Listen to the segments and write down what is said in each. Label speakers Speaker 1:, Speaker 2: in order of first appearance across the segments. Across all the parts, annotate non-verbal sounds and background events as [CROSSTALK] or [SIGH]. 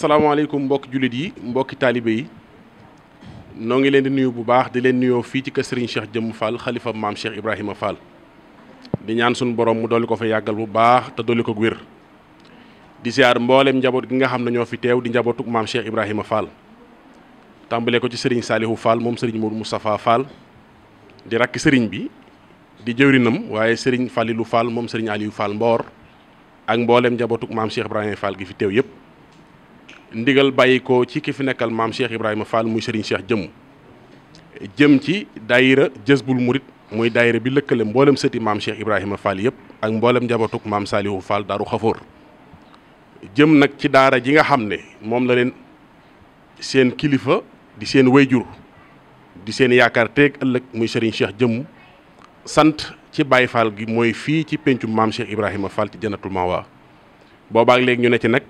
Speaker 1: asalaamaaleykum mbokki jullit yi mbokki taalibe yi noo ngi leen di nuyu bu baax di leen nuyoo fii ci kër Serigne Cheikh Jëmm Fall xalifa maam Cheikh Ibrahima Fall di ñaan suñu borom mu dolli ko fa yàggal bu baax te dolli ko wér di siyaar mbooleem njaboot gi nga xam ne ñoo fi teew di njabootuk maam Cheikh Ibrahima Fall tàmbale ko ci Serigne Salihu Fall moom Serigne Modou Moustapha Fall di rakk Serigne bi di jëwrinam waaye Serigne Fallilou Fall moom Serigne Aliou Fall Mboor ak mbooleem njabootuk maam gi fi teew yëpp ndigal bàyyi ko ci ki fi nekkal maam Cheikh Ibrahima Fall muy Serigne Cheikh jëmm jëm ci daayira Jësbul Murit muy daayira bi lëkkale mboolem sëti maam Cheikh Ibrahima Fall yëpp ak mboolem njabootug maam Salihu Fall Daaru Xafoor jëm nag ci daara ji nga xam ne moom la leen seen kilifa di seen wéyjur di seen yaakaar teeg ëllëg muy Serigne Cheikh jëmm sant ci Baye Fall gi mooy fii ci péncum maam Cheikh Ibrahima Fall ci Jannatul Mawa boobaak léegi ñu ne ci nag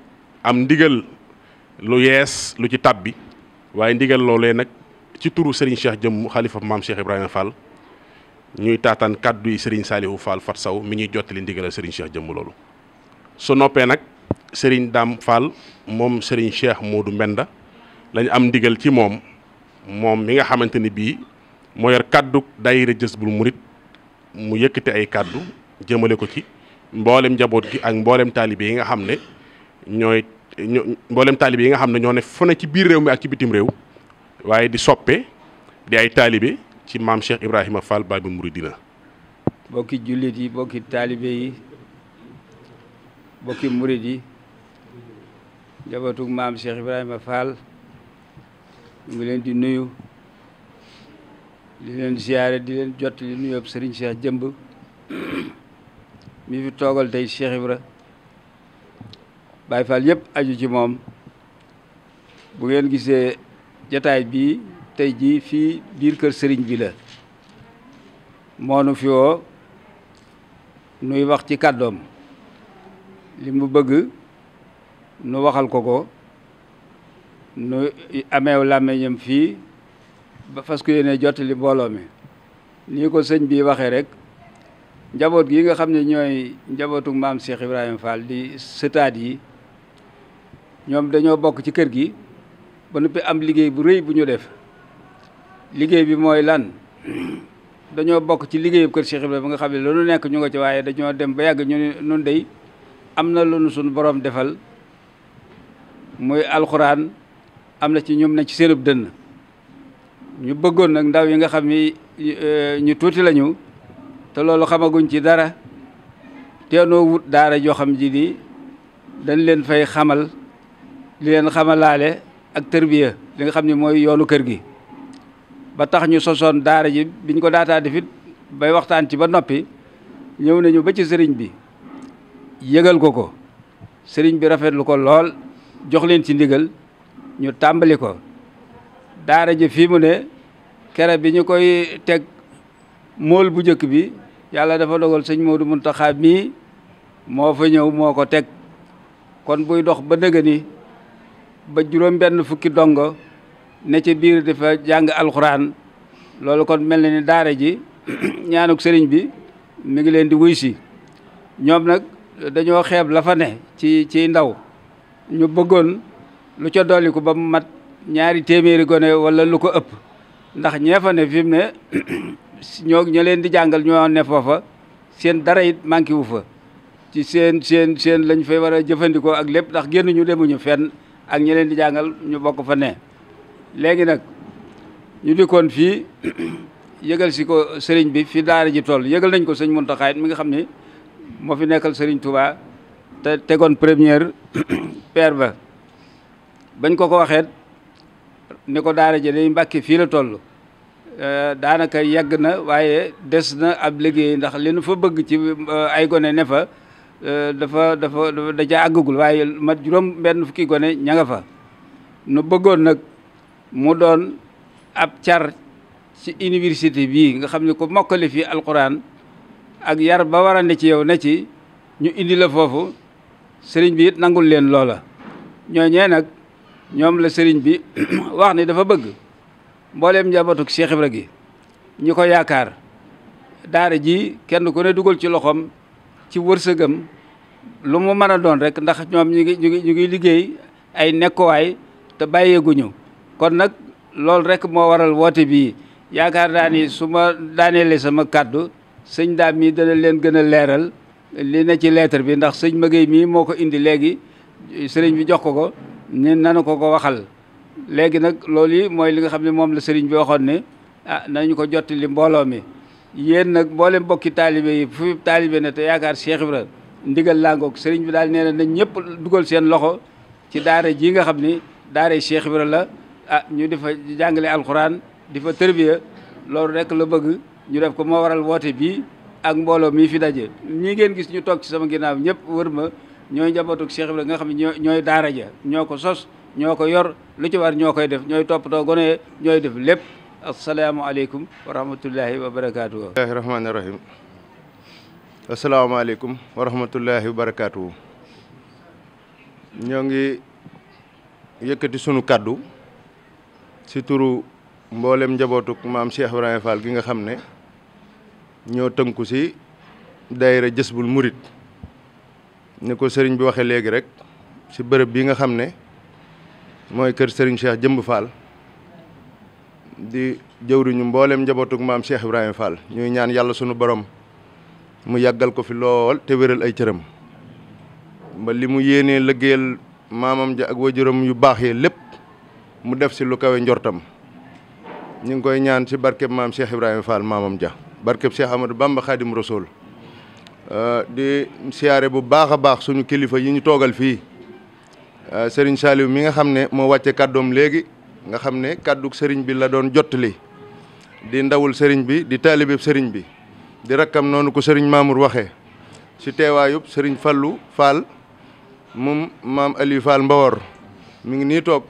Speaker 1: ndigal. lu yees lu ci tab bi waaye ndigal loole nag ci turu Serigne Cheikh jëm xalifa maam Cheikh Ibrahima Fall ñuy taataan kàddu yi Serigne Saliou Fall Fat Saw mi ñuy jottali ndigalal Serigne Cheikh jëmm loolu su noppee nag Serigne Dame Fall moom Serigne Cheikh Modou Mbenda lañu am ndigal ci moom moom mi nga xamante ni bii moo yor kàddu jës Jazbul Murid mu yëkkati ay kàddu jëmale ko ci mboolem njaboot gi ak mboolem taalibe yi nga xam ne ñooy. mboolem taalibe yi nga xam ne ñoo ne fu ci biir réew mi ak ci bitim réew waaye di soppe di ay taalibe ci maam Cheikh Ibrahima Fall Babi Mouridina
Speaker 2: bokki jullit yi bokki taalibe yi bokki murid yi njabootug maam Cheikh Ibrahima Fall ngi leen di nuyu di leen ziyaare di leen jot li nuyu yëpp Serigne Cheikh Jëmb mi fi toogal tey Cheikh Ibra Baay Faal yëpp aju ci moom bu ngeen gisee jataay bii tey jii fii biir kër sëriñ bi la moonu fi woo nuy wax ci kàddoom li mu bëgg nu waxal ko ko nu ameew làmmiñam fii ba fas ku yéene jottali mbooloo mi nii ko sëñ bi waxee rek njaboot gi nga xam ne ñooy njabootu maam Cheikh Ibrahima Fall di sëtaat yi ñoom dañoo bokk ci kër gi ba noppi am liggéey bu rëy bu ñu def liggéey bi mooy lan [CLEARS THROAT] dañoo bokk ci liggéeyu kër Cheikh Ibrahima nga xam ne loolu nekk ñu nga ci waaye dañoo dem ba yàgg ñu ne nun dey am na lu nu suñu borom defal muy alxuraan am na ci ñoom na ci seenub dënn ñu bëggoon nag ndaw yi nga xam ni eh, ñu tuuti lañu te loolu xamaguñ ci dara teenoo wut daara joo xam ji di dañ leen fay xamal li leen xamalaale ak tërbiya li nga xam ni mooy yoonu kër gi ba tax ñu sosoon daara ji biñ ko daataa defit bay waxtaan ci ba noppi ñëw nañu ba ci sëriñ bi yëgal ko ko sëriñ bi rafetlu ko lool jox leen ci ndigal ñu tàmbali ko daara ji fii mu ne kere bi ñu koy teg mool bu njëkk bi yàlla dafa dogal sëñ Modou Mountakha mii moo fa ñëw moo ko teg kon buy dox ba dëgg ni ba juróom-benn fukki dongo ne ca biir dafa jàng alxuraan loolu kon mel na ni daara ji [CLEARS THROAT] ñaanuk sëriñ bi mi ngi leen di wuy si ñoom nag dañoo xeeb la fa ne ci ci ndaw ñu bëggoon lu ca dolliku ba mu mat ñaari téeméeri gone walla lu ko ëpp ndax ñee fa ne fi mu ne [CLEARS THROAT] ñoo ña leen di jàngal ñoo ne foofa seen dara it manqué wu fa ci seen seen seen lañ fay war a jëfandikoo ak lépp ndax génnuñu demuñu fenn ak ñi leen di jàngal ñu bokk fa ne léegi nag ñu koon fii [CLEARS THROAT] yëgal si ko sëriñ bi fi daara ji toll yëgal nañ ko sëñ Muntaxa mi nga xam ni moo fi nekkal sëriñ Touba te tegoon première [CLEARS THROAT] paire ba bañ ko ko waxeet ni ko daara ji day mbàkke fii la toll eh, daanaka yàgg na waaye des na ab liggéey ndax li nu fa bëgg ci eh, ay gone ne fa Euh, dafa dafa da àggagul waaye mat juróom mbenn fukki gone ña nga fa nu bëggoon nag mu doon ab car ci université bii nga xam ne ko mokkale fii alquran ak yar ba war a ne ci yow ne ci ñu indi la foofu sëriñ bi it nangul leen loola ñooñee nag ñoom la sëriñ bi [CLEARS THROAT] wax ni dafa bëgg mbooleem njabootu Cheikh Ibra gi ñu ko yaakaar daara ji kenn ku ne dugal ci loxoom ci wër wërsëgam lu mu mën a doon rek ndax ñoom ñu ngi ñu ngi ñu ngi liggéey ay nekkuwaay te bàyyeeguñu kon nag loolu rek moo waral woote bii yaakaar naa ni su ma daaneele sama kàddu sëñ daam mii dana leen gën a leeral li na ci lettre bi ndax sëñ Maguette mii moo ko indi léegi sëriñ bi jox ko ko ne nanu ko ko waxal léegi nag loolu yi mooy li nga xam ne moom la sëriñ bi waxoon ne ah nañu ko jottali mbooloo mi yéen nag mboolem bokki taalibe yi fu taalibee na te yaakaar Cheikh Ibra ndigal langoog sëriñ bi daal nee na nañ ñëpp dugal seen loxo ci daara ji nga xam ni daara Cheikh Ibra la ah ñu di fa jàngale alxuraan di fa tërbiya loolu rek la bëgg ñu def ko moo waral woote bii ak mbooloo mii fi daje ñi ngeen gis ñu toog ci sama ginnaaw ñëpp wër ma ñooy njabootu Cheikh Ibra nga xam ne ñoo ñooy daara ja ñoo ko sos ñoo ko yor lu ci war ñoo koy def ñooy toppatoo gone ñooy def lépp asalaamualeykum wa rahmatullahi wa barakaatu. bismillahi
Speaker 3: rahmaani ñoo ngi yëkkati sunu kàddu si turu mboolem njabootuk maam Cheikh Ibrahima Fall gi nga xam ne ñoo tënku si daayira Jësbul Murit ni ko sëriñ bi waxee léegi rek si bërëb bi nga xam ne mooy kër sëriñ Cheikh Jëmb Fall. di jëwriñu mboolem njabootug maam Cheikh Ibrahima Fall ñuy ñaan yàlla sunu borom mu yàggal ko fi lool te wéral ay cëram ba li mu yéenee liggéeyal maamam ja ak waajuram yu baax yi lépp mu def si lu kawe njortam ñu ngi koy ñaan si barkeb maam Cheikh Ibrahima Fall maamam ja barkeb Cheikh Amadou Bamba Khadim Rasoul euh, di siyaare bu baax a baax suñu kilifa yi ñu toogal fii euh, sëriñ Saliou mi nga xam ne moo wàcce kàddoom léegi. nga xam ne kàddug sëriñ bi la doon jottali di ndawul sëriñ bi di taalibeeb sëriñ bi di rakkam noonu ko sëriñ Mamour waxee si teewaayub sëriñ Fallou Fall moom maam Aliou Mbawor mi ngi nii toog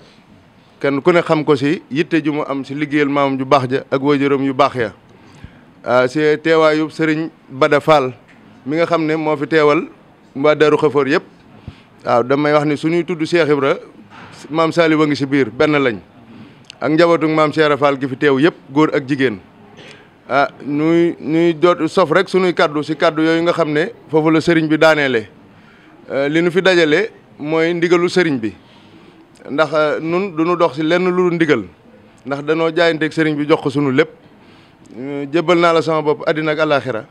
Speaker 3: kenn ku ne xam ko si yitte ju mu am si liggéeyal maamam ju baax ja ak waajuram yu baax ya si sëriñ Bada mi nga xam ne moo fi teewal mbaa daru xafoor yëpp waaw damay wax ni suñuy tudd Cheikh Ibra maam Saliou a ngi si biir benn lañ ak njabootug maam Cheikh Fall gi fi teew yëpp góor ak jigéen ah nuy ñuy jot sof rek suñuy kaddu si kàddu yooyu nga xam ne foofu la sëriñ bi daaneele eh, li nu fi dajale mooy ndigalu sëriñ bi ndax eh, nun du ñu dox si lenn lu ndigal ndax danoo jaayanteeg sëriñ bi jox ko sunu lépp eh, jébbal naa la sama bopp àddina ak àllaaxira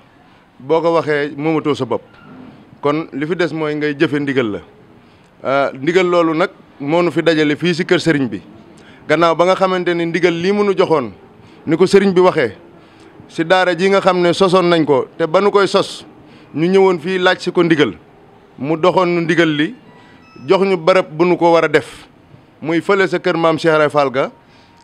Speaker 3: boo ko waxee moomatoo sa bopp kon li fi des mooy ngay jëfe ndigal la ndigal loolu nag moo nu fi dajale fii si kër sëriñ bi gannaaw ba nga xamante ni ndigal lii mu nu joxoon ni ko sëriñ bi waxee si daara ji nga xam ne sosoon nañ ko te ba nu koy sos ñu ñëwoon fii laaj si ko ndigal mu doxoon nu ndigal li jox ñu barab bu nu ko war a def muy fële sa kër maam Cheikh Ibra ga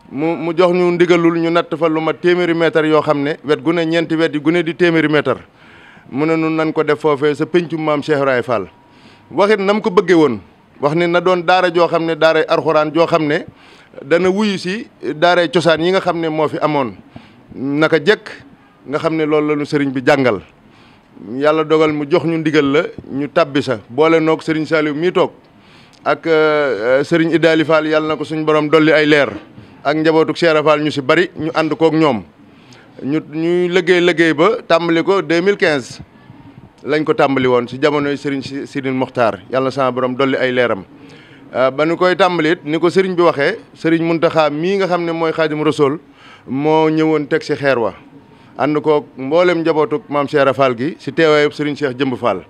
Speaker 3: mu mu jox ñu ndigalul ñu natt fa lu ma téeméeri mètre yoo xam ne wet gu ne ñeenti wet yi gune di téeméeri mètre mu ne nun nan ko def foofee sa péncum maam Cheikh Ibra Fall waxit nam ko bëggee woon wax ni na doon daara joo xam ne daaray arxuraan joo xam ne dana wuyu si daaray cosaan yi nga xam ne moo fi amoon naka jëkk nga xam ne loolu la ñu sëriñ bi jàngal yàlla dogal mu jox ñu ndigal la ñu tàbbi sa boole noog sëriñ Saliou mii toog ak euh, sëriñ Idaali Fall yàlla na ko suñu borom dolli ay leer ak njabootuk Cheikh Fall ñu si bari ñu ànd kook ñoom ñu ñuy liggéey liggéey ba tàmbali ko mille 2015 lañ ko tàmbali woon si jamonoy sëriñ Sidine Mokhtar yàlla na sama borom dolli ay leeram Euh, ba nu koy tàmbalit ni ko sëriñ bi waxee sëriñ Muntaxa mii nga xam ne mooy Xaadimu Rasuul moo ñëwoon teg si xeer wa ànd koog mboolem njabootu maam Cheikh Rafal gi si teewaayub sëriñ Cheikh Jëmb Fall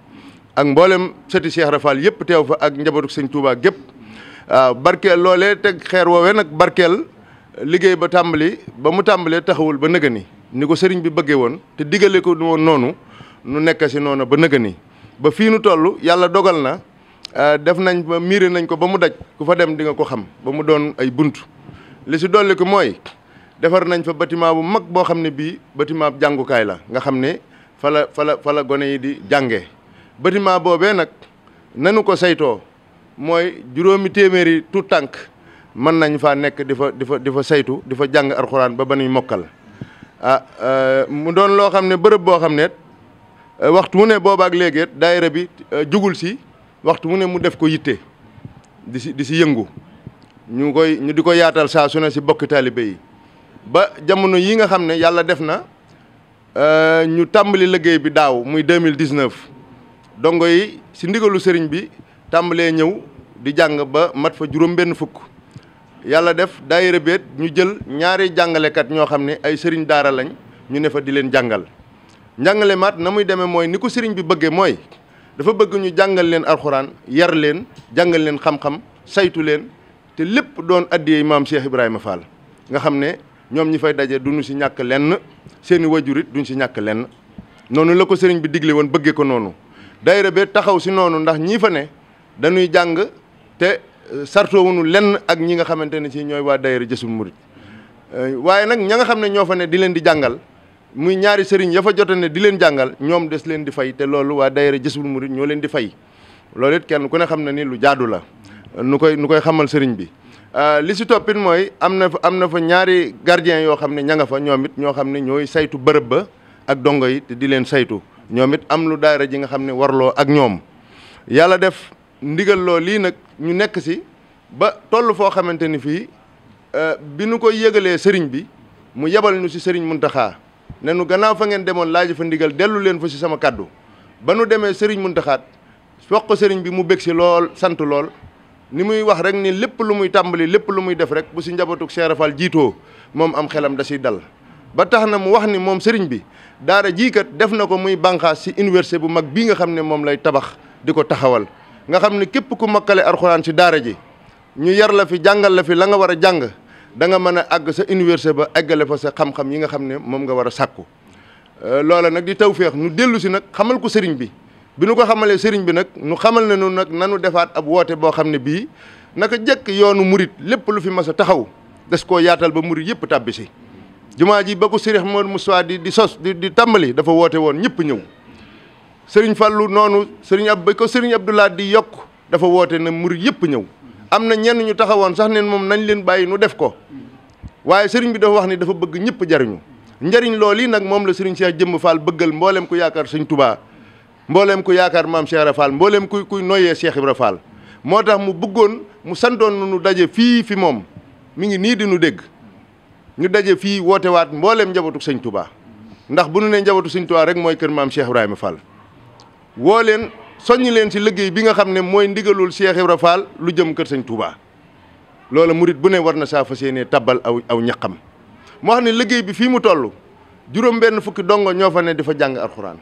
Speaker 3: ak mboolem sëti Cheikh Rafal yëpp teew fa ak njabootu sëñ Touba gépp waaw euh, barkeel loolee teg xeer woowee nag barkeel liggéey ba tàmbali ba mu tàmbalee taxawul ba nëga ni ni ko sëriñ bi bëggee woon te digale ko woon noonu nu nekk si noonu ba nëga ni ba fii nu yàlla dogal na Euh, def nañ ba miire nañ ko ba mu daj ku fa dem di nga ko xam ba mu doon ay bunt li si dolli ko mooy defar nañ fa bâtiment bu mag boo xam ne bii bâtiment jàngukaay la nga xam ne fa la fa gone yi di jàngee bâtiment boobee nag nanu ko saytoo mooy juróomi téeméeri tout tànk mën nañ faa nekk di fa di fa di fa saytu di fa jàng alxuraan ba ba nuy mokkal ah euh, mu doon loo xam ne bërëb boo xam ne euh, waxtu mu ne boobaak léegi daayira bi jugul si waxtu mu ne mu def ko yitte di si di si yëngu ñu koy ñu di ko yaatal saa su ne si bokk taalibe yi ba jamono yi nga xam ne yàlla def na euh, ñu tàmbali liggéey bi daaw muy 2019 dongo yi si ndigalu sëriñ bi tàmbalee ñëw di jàng ba mat fa juróom benn fukk yàlla def daayira beet ñu jël ñaari jàngalekat ñoo xam ne ay sëriñ daara lañ ñu ne fa di leen jàngal njàngale maat na muy demee mooy ni ko sëriñ bi bëggee mooy dafa bëgg ñu jàngal leen alxuraan yar leen jàngal leen xam-xam saytu leen te lépp doon addiyey maam Cheikh Ibrahima Fall nga xam ne ñoom ñi fay daje duñu si ñàkk lenn seeni wajurit duñ si ñàkk lenn noonu la ko sëriñ bi digle woon bëggee ko noonu daayira be taxaw si noonu ndax ñii fa ne dañuy jàng te euh, sartoowunu lenn ak ñi nga xamante ne si ñooy waa daayira Jazboul Mouride euh, waaye nag ña nga xam ne ñoo fa ne di leen di jàngal muy ñaari sëriñ ya fa jote ne di leen jàngal ñoom des leen di fay te loolu waa daayira Jazbul Murid ñoo leen di fay loolu it kenn ku ne xam ne ni lu jaadu la nu koy nu koy xamal sëriñ bi euh, li si toppit mooy am na fa am na fa ñaari gardien yoo xam ne ña nga fa ñoom it ñoo xam ne ñooy saytu bërëb ba ak dongo yi te di leen saytu ñoom it am lu daayira ji nga xam ne warloo ak ñoom yàlla def ndigal loo lii nag ñu nekk si ba toll foo xamante ni fii euh, bi nu koy yëgalee sëriñ bi mu yebal ñu si sëriñ Muntaxa ne nu gannaaw fa ngeen demoon laaji fa ndigal dellu leen fa ci sama kàddu ba nu demee sëriñ muntaxaat wax ko sëriñ bi mu bég si lool sant lool ni muy wax rek ni lépp lu muy tàmbali lépp lu muy def rek bu si njabootug seerafal jiitoo moom am xelam da siy dal ba tax na mu wax ni moom sëriñ bi daara jii kat def na ko muy bànqaas si université bu mag bii nga xam ne moom lay tabax di ko taxawal nga xam ne képp ku makkale arxuraan si daara ji ñu yar la fi jàngal la fi la nga war a jàng da nga mën a àgg sa université ba eggale fa sa xam-xam yi nga xam ne moom nga war a sàkku euh, loola nag di feex nu dellu si nag xamal ko sëriñ bi bi nu ko xamalee sëriñ bi nag nu xamal na noonu nag nanu defaat ab woote boo xam ne bii a jëkk yoonu murit lépp lu fi mas a taxaw des koo yaatal ba murit yëpp tàbbi si jumaa ji ba ko Sëriñ Mor Moussa di di sos di di tàmbali dafa woote woon ñëpp ñëw sëriñ Fallou noonu sëriñ ab ba ko sëriñ Abdoulaye di yokk dafa woote na murit yëpp ñëw am na ñenn ñu taxawoon sax neen moom nañ leen bàyyi nu def ko waaye sëriñ bi dafa wax ni dafa bëgg ñëpp jariñu njariñ lool yi nag moom la sëriñ Cheikh Jëmm Fall bëggal mbooleem ku yaakaar sëñ Tubaa mbooleem ku yaakaar maam Cheikh Ibra Fall mbooleem ku kuy noyyee Cheikh Ibra Fall moo tax mu bëggoon mu santoon nu nu daje fii fi moom mi ngi nii di nu dégg ñu daje fii woote waat mbooleem njabootu sëñ Tubaa ndax bu nu nee njabootu sëñ Tubaa rek mooy kër maam Cheikh Ibrahima Fall woo soññ leen ci liggéey bi nga xam ne mooy ndigalul Cheikh Ibra lu jëm kër sëñ Touba loola murit bu ne war na saa fas yéenee tabbal aw aw ñaqam moo xam ne liggéey bi fii mu toll juróom benn fukki dongo ñoo fa ne di fa jàng alxuraan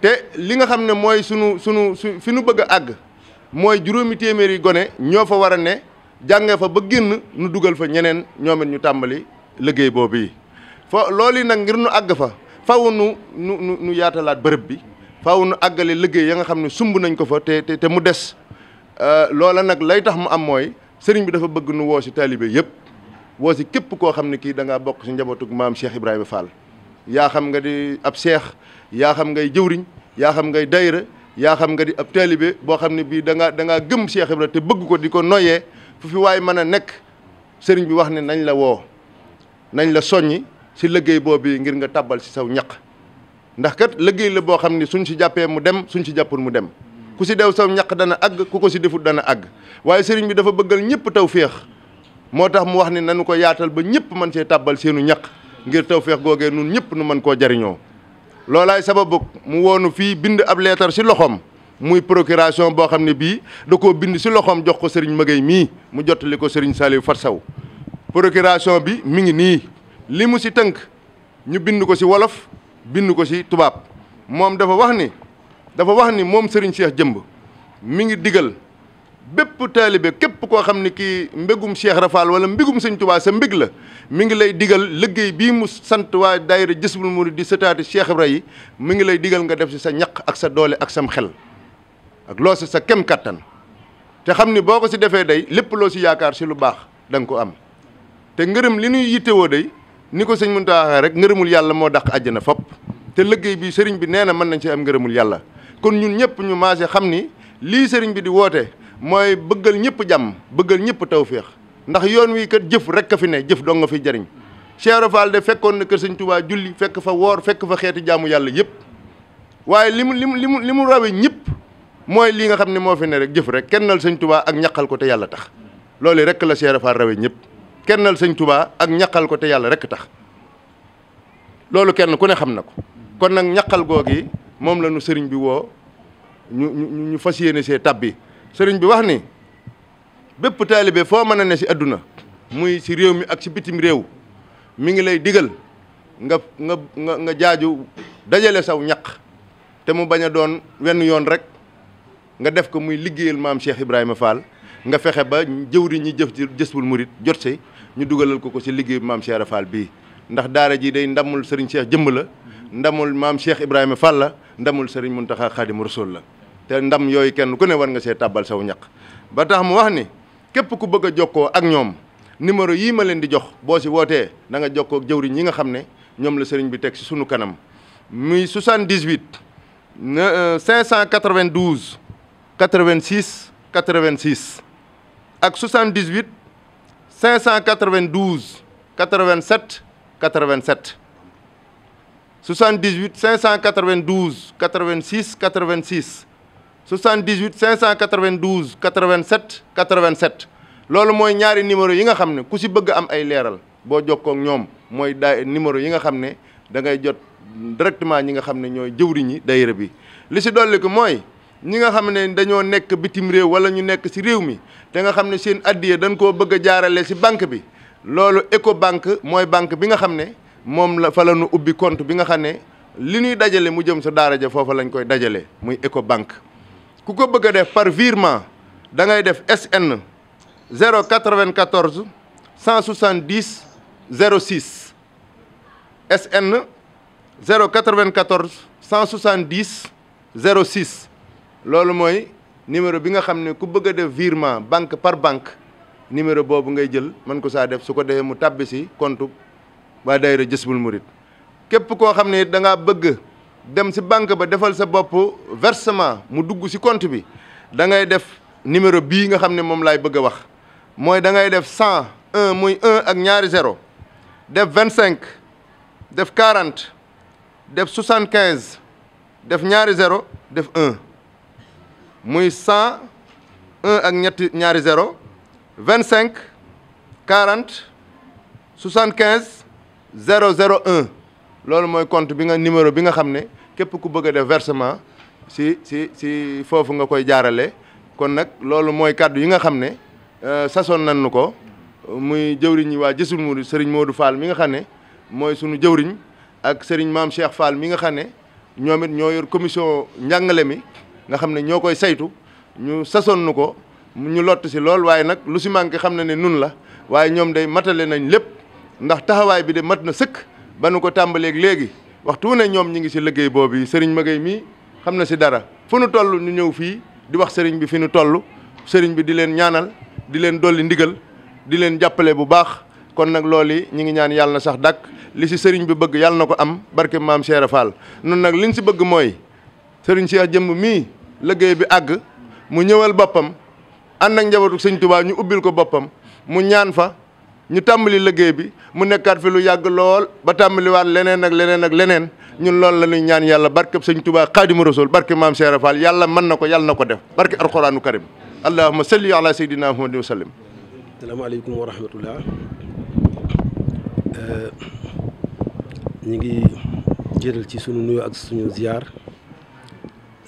Speaker 3: te li nga xam ne mooy sunu sunu su fi nu bëgg a àgg mooy juróomi téeméeri gone ñoo fa war a ne jànge fa ba génn nu dugal fa ñeneen ñoomit ñu tàmbali liggéey boobu yi fo loolu yi nag ngir nu àgg fa faw nu nu nu yaatalaat bërëb bi faaw nu àggale liggéey ya nga xam ne sumb nañ ko fa te te mu des euh, loola nag lay tax mu am mooy sëriñ bi dafa bëgg nu woo si taalibe yëpp woo si képp koo xam ne kii dangaa bokk si njabootug maam Cheikh Ibrahima Fall yaa xam nga di ab seex yaa xam ngay jëwriñ yaa xam ngay dayra yaa xam nga di ab taalibe boo xam ne bii da ngaa da ngaa gëm Cheikh Ibrahima te bëgg ko di ko noyee fu fi waaye mën a nekk sëriñ bi wax ne nañ la woo nañ la soññi si liggéey boobu ngir nga tàbbal si saw ñaq ndax kat liggéey la boo xam ni suñ si jàppee mu dem suñ si jàppul mu dem ku si dew saw ñaq dana àgg ku ko si defut dana àgg waaye sëriñ bi dafa bëggal ñëpp taw féex moo tax mu wax ni nanu ko yaatal ba ñëpp mën see tàbbal seenu ñaq ngir taw féex googee nun ñëpp nu mën koo jariñoo loolaay sababu mu woonu fii bind ab leetar si loxoom muy procuration boo xam ne bii da koo bind si loxoom jox ko sëriñ Magay mii mu jottali ko sëriñ Saliou Fat Saw procuration bi mi ngi nii li mu si tënk ñu bind ko si wolof bind ko ci tubaab moom dafa wax ni dafa wax ni moom Serigne Cheikh Jëmb mi ngi digal bépp taalibe képp koo xam ni kii mbégum Cheikh Rafal wala mbégum Sëñ Tuubaa sa mbég la mi ngi lay digal liggéey bii mu sant waa daayira Jësbul Murid di sëtaati Cheikh Ibra yi mi ngi lay digal nga def si sa ñaq ak sa doole ak sam xel ak loo sa sa kem kattan te xam ni boo ko ci defee day lépp loo ci yaakaar si lu baax danga ko am te ngërëm li ñuy yittewoo day ni ko sëñ Muntaxa waxee rek ngërëmul yàlla moo dàq na fop te liggéey bi sëriñ bi nee na mën nañ ci am ngërëmul yàlla kon ñun ñëpp ñu maase xam ni lii sëriñ bi di woote mooy bëggal ñëpp jàmm bëggal ñëpp tawféex ndax yoon wi kat jëf rek ka fi ne jëf dong nga fi jariñ Cheikh de fekkoon na kër sëñ Tuubaa julli fekk fa woor fekk fa xeeti jaamu yàlla yëpp waaye li mu li mu li mu li mu rawe ñëpp mooy li nga xam ni moo fi ne rek jëf rek kennal sëñ Tuubaa ak ñaqal ko te yàlla tax loolu rek la Cheikh Rafal rawe ñëpp kennal sëñ tubaa ak ñaqal ko te yàlla rekk tax loolu kenn ku ne xam na ko kon nag ñaqal googi moom la ñu sëriñ bi woo ñu ñu ñu fas yéene see tab bi sëriñ bi wax ni bépp taalibe foo mën a ne si àdduna muy si réew mi ak si bitim réew mi ngi lay digal nga nga nga nga jaaju dajale saw ñaq te mu bañ a doon wenn yoon rek nga def ko muy liggéeyal maam Cheikh Ibrahima Fall nga fexe ba jëw jëwri ñi jëf ci Jazboul Mouride jot si ñu dugalal ko ko si liggéey maam Cheikh Ibra Fall bii ndax daara jii dey ndamul Serigne Cheikh jëmb la ndamul maam Cheikh Ibrahima Fall la ndamul Serigne Mountakha Khadim Rasoul la te ndam yooyu kenn ku ne war nga see tàbbal saw ñaq ba tax mu wax ni képp ku bëgg a jokkoo ak ñoom numéro yii ma leen di jox boo si wootee da nga jokkoo jëwriñ yi nga xam ne ñoom la sëriñ bi teg ci sunu kanam muy 78 592 86 86 ak 78 592 87 87 78 592 86 86 78 592 87 87 loolu mooy ñaari numéro yi nga xam ne ku si bëgg am ay leeral boo jokkoo ak ñoom mooy daa numéro yi nga xam ne da ngay jot directement ñi nga xam ne ñooy jëwriñi daayira bi li si dolli ko mooy ñi nga xam ne dañoo nekk bitim réew wala ñu nekk ci réew mi te nga xam ne seen addiya dañ koo bëgg a jaarale ci banque bi loolu Ecobank mooy banque bi nga xam ne moom la fa la ubbi compte bi nga xam ne li ñuy dajale mu jëm sa daara ja foofa lañ koy dajale muy Ecobank ku ko bëgg a def par virement da ngay def SN 094 170 06 SN 094 zéro 06 loolu mooy numéro bi nga xam ne ku bëgg a def virement banque par banque numéro boobu ngay jël mën ko saa def su ko defee mu tàbbi si compte waa daayira Jësbul Murit képp koo xam ne da ngaa bëgg dem si banque ba defal sa bopp versement mu dugg si compte bi da ngay def numéro bii nga xam ne moom laay bëgg a wax mooy da ngay def cent un muy un ak ñaari zero def vingt cinq def quarante def soixante quinze def ñaari zéro def un muy cent un ak ñetti ñaari zéro vingt cinq quarante soixante quinze zéro zéro un loolu mooy compte bi nga numéro bi nga xam ne képp ku bëgg de def si si si foofu nga koy jaarale kon nag loolu mooy kàddu yi nga xam ne euh, sasoon nañu ko muy jëwriñ waa Jësul Murid Serigne Modou Fall mi nga xam ne mooy sunu jëwriñ ak Serigne Maam Cheikh Fall mi nga xam ne ñoom it ñoo yor commission njàngale mi nga xam ne ñoo koy saytu ñu sasoon nu ko ñu lott si lool waaye nag lu si manqué xam na ne nun la waaye ñoom day matale nañ lépp ndax taxawaay bi de mat na sëkk ba nu ko tàmbaleek léegi waxtu ne ñoom ñi ngi si liggéey boobu yi sëriñ Magay mii xam na si dara fu nu toll nu ñëw fii di wax sëriñ bi fi nu toll sëriñ bi di leen ñaanal di leen dolli ndigal di leen jàppale bu baax kon nag loolu ñu ngi ñaan yàlla na sax dàkk li si sëriñ bi bëgg yàlla na ko am barke maam Cheikh Fall nun nag liñ si bëgg mooy sëriñ Cheikh jëmb mii liggéey bi àgg mu ñëwal boppam ànd ak njabootu sëñ Tuubaa ñu ubbil ko boppam mu ñaan fa ñu tàmbali liggéey bi mu nekkaat fi lu yàgg lool ba tàmbaliwaat leneen ak leneen ak leneen ñun loolu la ñuy ñaan yàlla barkeb sëñ Tuubaa Xaadimu Rasuul barke maam Cheikh Fall yàlla mën na ko yàlla na ko def barke alquraanu karim allahumma salli ala sayyidina muhammadin wa sallim
Speaker 4: salaamaaleykum wa rahmatullah ñu ngi jëral ci sunu nuyoo ak suñu ziar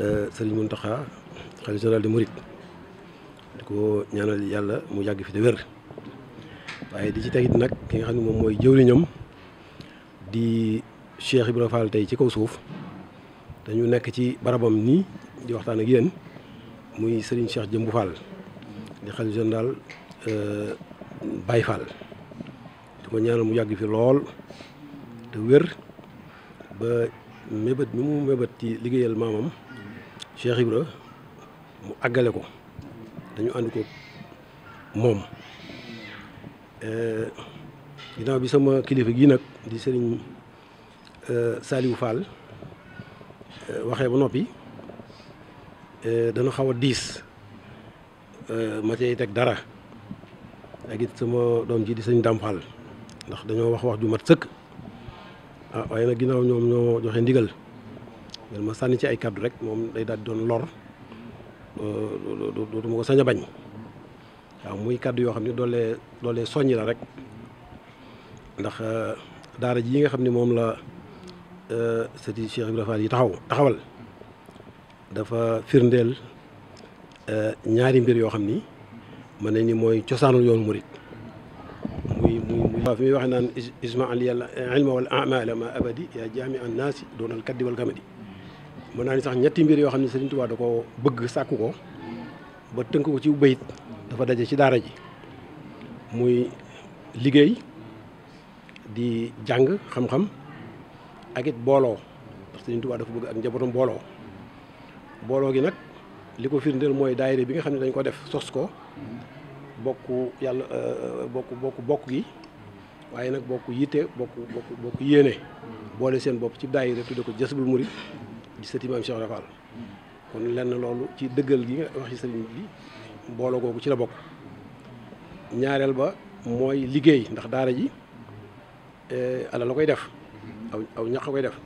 Speaker 4: Euh, sëriñ Mountakha xalifa général des mourides di ko ñaanal yàlla mu yàgg fi de wér waaye di ci tegit nag ki nga xam ne moom mooy jëwriñam di Cheikh Ibrahima tey ci kaw suuf dañu nekk ci barabam nii di waxtaan ak yéen muy sëriñ Cheikh Jëmbu Fall di xalifa général euh, Baye Fall di ko ñaanal mu yàgg fi lool te wér ba mébét mi mu mébét ci liggéeyal maamam Cheikh Ibra mu àggale ko dañu ànd ko moom eh, ginnaaw bi sama kilifa gii nag di sëriñ eh, Saliou Fall eh, waxee ba noppi dana xaw a diis ma yi teg dara ak it sama doom ji di sëriñ Dame Fall ndax dañoo wax wax ju mat sëkk ah waaye nag ginnaaw ñoom ñoo joxe ndigal man ma sànni ci ay kàddu rek moom day daal doon lor dootuma ko sañ bañ waaw muy kàddu yoo xam ne doolee doolee soññ la rek ndax daara ji yi nga xam ni moom la sëti Cheikh Ibrahima Fall yi taxaw taxawal dafa firndeel ñaari mbir yoo xam ni mën na ni mooy cosaanul yoonu murit muy muy waaw fi muy waxee naan isma al yàlla ilma ma abadi yaa jaami an naasi doonal kaddi kamadi mën naa ni sax ñetti mbir yoo xam ne Serigne Touba da ko bëgg sàkku ko ba tënk ko ci bayit dafa daje ci daara ji muy liggéey di jàng xam-xam ak it booloo ndax Serigne Touba dafa bëgg ak njabootam booloo booloo gi nag li ko firndeel mooy daayira bi nga xam ne dañ ko def sos ko bokk yàlla bokk euh, bokk bokk gi waaye nag bokk yitte bokk bokk bokk yéene boole seen bopp ci daayira tudde ko Jazbul Murid di sëti maam Cheikh Rafal kon lenn loolu ci dëggal gi nga wax ci sëriñ bi boole googu ci la bokk ñaareel ba mooy liggéey ndax daara ji eh, alal la koy def aw ñax koy def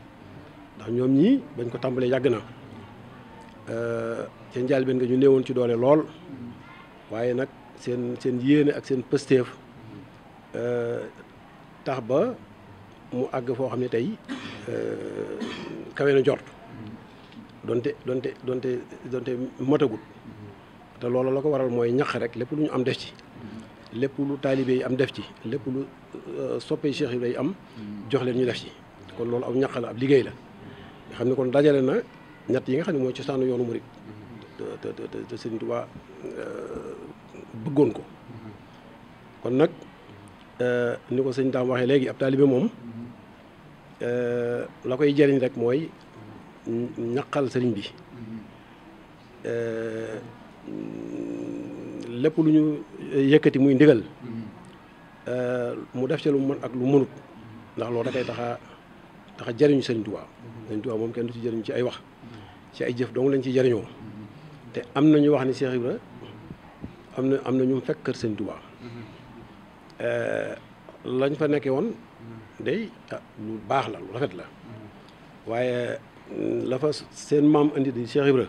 Speaker 4: ndax ñoom ñi bañ ko tàmbalee yàgg na eh, ca njëlbéen nga ñu néewoon ci doole lool waaye nag seen seen yéene ak seen pësteef eh, tax ba mu àgg foo xam ne tey kawe na jort donte donte donte donte motagut te loolu la ko waral mooy ñax rek lépp lu ñu am def ci lépp lu taalibe yi am def ci lépp lu euh, soppee cheikh yi lay am jox leen ñu def ci kon loolu aw ñax la ab liggéey la nga xam ne kon dajale na ñett yi nga xam ne mooy cosaanu yoonu murit te te te Sëriñ Tuubaa euh, bëggoon ko kon nag euh, ni ko sëñ daam waxee léegi ab taalibe moom la koy jëriñ rek mooy ñaqal sëriñ bi euh, lépp lu ñu yëkkati muy ndigal euh, mu def ci lu mën ak lu mënut ndax loolu da koy taxa taxa jëriñu sëriñ Tuubaa sëriñ Tuubaa moom kenn du ci jëriñu ci ay wax ci ay jëf dong lañ ci jariñoo te am na ñu wax ni Cheikh Ibra am na am na ñu fekk kër sëriñ Tuubaa euh, lañ fa nekkee woon day ah, lu baax la lu rafet la waaye Euh, la fa seen maam indi di Cheikh Ibra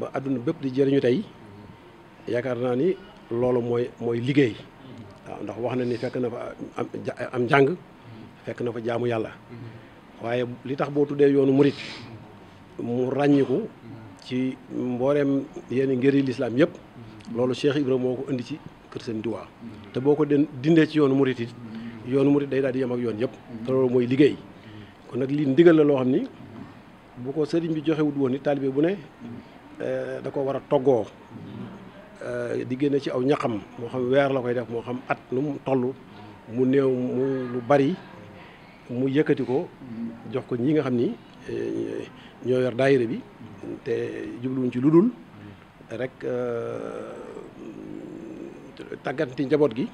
Speaker 4: ba àdduna bépp di jëriñu tey yaakaar naa ni loolu mooy mooy liggéey waaw ndax wax na ni fekk na fa am njàng fekk na fa jaamu yàlla waaye li tax boo tuddee yoonu murit mu ràññiku ci mbooreem yenn ngëri lislaam yëpp loolu Cheikh Ibra moo ko indi ci kër seen duwaa te boo ko den dindee ci yoonu murit it yoonu murit day daal di yem ak yoon yëpp te loolu mooy liggéey kon nag lii ndigal la loo xam ni bu ko sëriñ bi joxewut woon ni taalibe bu ne eh, da ko war a toggoo eh, di génne ci aw ñaxam moo xam weer la koy def moo xam at nu mu toll mu néew mu lu bari mu yëkkati ko jox ko ñi nga xam ni eh, ñoo yor daayira bi te jubluwuñ ci lu dul rek tàgganti njaboot gi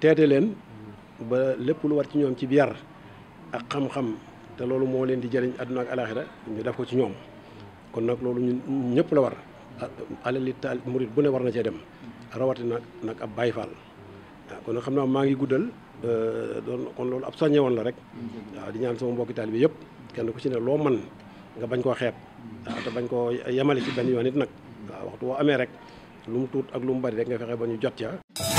Speaker 4: teete leen ba lépp lu war ci ñoom ci yar ak xam-xam te loolu moo leen di jëriñ àdduna ak alaxira ñu def ko ci ñoom kon nag loolu ñun ñëpp la war alali taal murit bu ne war na cee dem rawati nag nag ab Baay Faal kon nag xam naa maa ngi guddal euh, doon kon loolu ab soññe woon la rek waaw di ñaan sama mbokki taalibe yëpp kenn ku ci ne loo man nga bañ koo xeeb waaw te bañ koo yemale ci benn yoon it nag waaw waxtu woo amee rek lu mu tuut ak lu mu bari rek nga fexe ba ñu jot ca